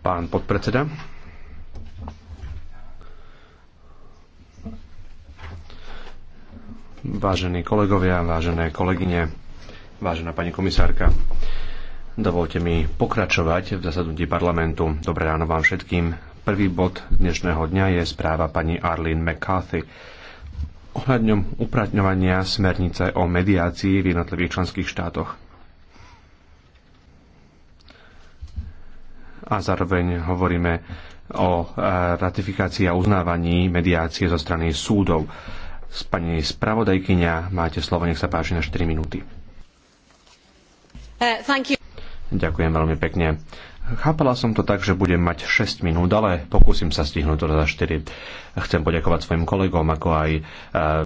Pán podpredseda. Vážení kolegovia, vážené kolegyne, vážená pani komisárka, dovolte mi pokračovať v zasadnutí parlamentu. Dobré ráno vám všetkým. Prvý bod dnešného dňa je správa pani Arlene McCarthy ohľadňom upratňovania smernice o mediácii v jednotlivých členských štátoch. a zároveň hovoríme o e, ratifikácii a uznávaní mediácie zo strany súdov. Pani spravodajkyňa, máte slovo, nech sa páči na 4 minúty. Uh, Ďakujem veľmi pekne. Chápala som to tak, že budem mať 6 minút, ale pokúsim sa stihnúť to za 4. Chcem poďakovať svojim kolegom, ako aj e,